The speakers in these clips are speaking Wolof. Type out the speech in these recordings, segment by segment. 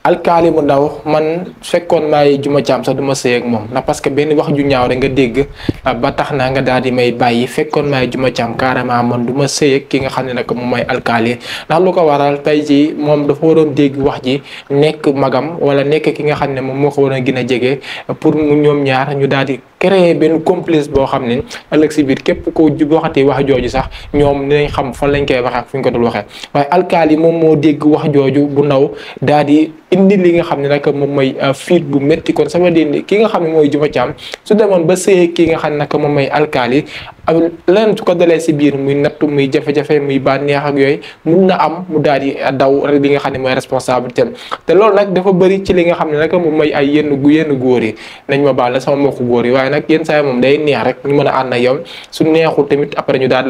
alkaali bu ndaw man fekkoon maay juma caam sax du ma sëy moom ndax parce que benn wax ju ñaaw rek nga dégg ah, ba tax na nga daal di may bàyyi fekkoon maay juma caam carrément man du ma sëy ak ki nga xam ne nag moom mooy alkaali ndax lu ko waral tey jii moom dafa waroon dégg wax ji nekk magam wala nekk ki nga xam ne moom moo ko waroon gën a jege pour mu ñoom ñaar ñu daal di créer benn complexe boo xam ne ëllëg si biir képp ko waxatee wax jooju sax ñoom dinañ xam fan lañ koy waxee ak fu ñu ko dul waxee waaye alkaali moom moo dégg wax jooju bu ndaw daal di indi li nga xam ne nag moom mooy euh, fiit bu métti kon sama dindi ki nga xam ne mooy Juba Caam su demoon ba sëyee ki nga xam ne nag moom mooy alkaali ak leneen su ko dalee si biir muy nattu muy jafe-jafe muy bànneex ak yooyu mun na am mu daal di daw rek li nga xam ne mooy responsabilité te loolu nag dafa bëri ci li nga xam ne nag moom mooy ay yenn gu yenn góor yi nañ ma baal la sama mbokku góor yi waaye nag yenn moom day neex rek ñu mën a ànd ak yow su neexul tamit après ñu daal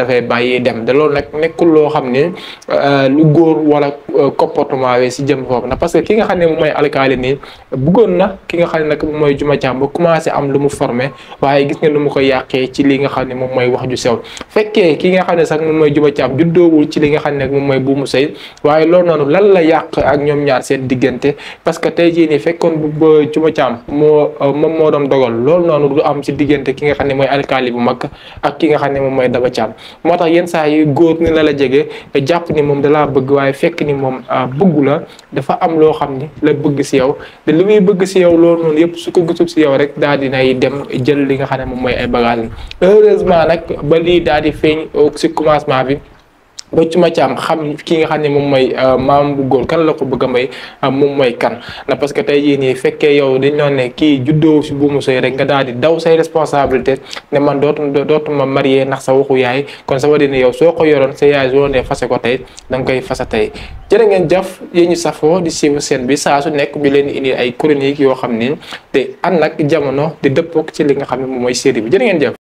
dem te loolu nag nekkul loo xam ne euh, lu góor wala euh, comportement we si jëm foofu na parce que ki nga xam ne moom mooy alkaali nii bëggoon na ki nga xam ne nag moom mooy juma càmm ba am lu mu formé waaye gis nga nu mu ko yàqee ci li nga xam ne moom mooy wax ju sew fekkee ki nga xam ne sax moom mooy Juba Caam juddoowul ci li nga xam ne moom mooy buumu say waaye lool noonu lan la yàq ak ñoom ñaar seen diggante parce que tey jii nii fekkoon bu Juba Caam moo moom moo doon dogal lool noonu du am ci diggante ki nga xam ne mooy alkaali bu mag ak ki nga xam ne moom mooy Daba Caam moo tax yenn saa yi góor ni la la jege jàpp ni moom dalaa bëgg waaye fekk ni moom ah, bëggu la dafa am loo xam ni la bëgg si yow te li muy bëgg si yow loolu noonu yëpp su ko gisub si yow rek daal dinay dem jël li nga xam ne moom mooy ay bagages nag ba lii daal di feeñ si euh, commencement bi bocc ma ci am xam ki xam ne moom mooy euh, maam bu góor kan la ko bëgg a may euh, moom mooy kan na parce que tey jii nii fekkee yow dañ doon ne kii juddoo si buumu sëy rek nga daal di daw say responsabilité ne man dootu dootuma marié ndax sa waxu yaay kon sa wadine yow soo ko yoroon sa yaay soo ne fase ko tey da nga koy fasa tey jërë ngeen jëf yéen ñu safoo di siiw seen bi saa su nekk ñu leen indi ay chroniques yoo xam ne te ànd ak jamono di dëppook ci li nga xam ne moom mooy série bi jërë ngeen jëf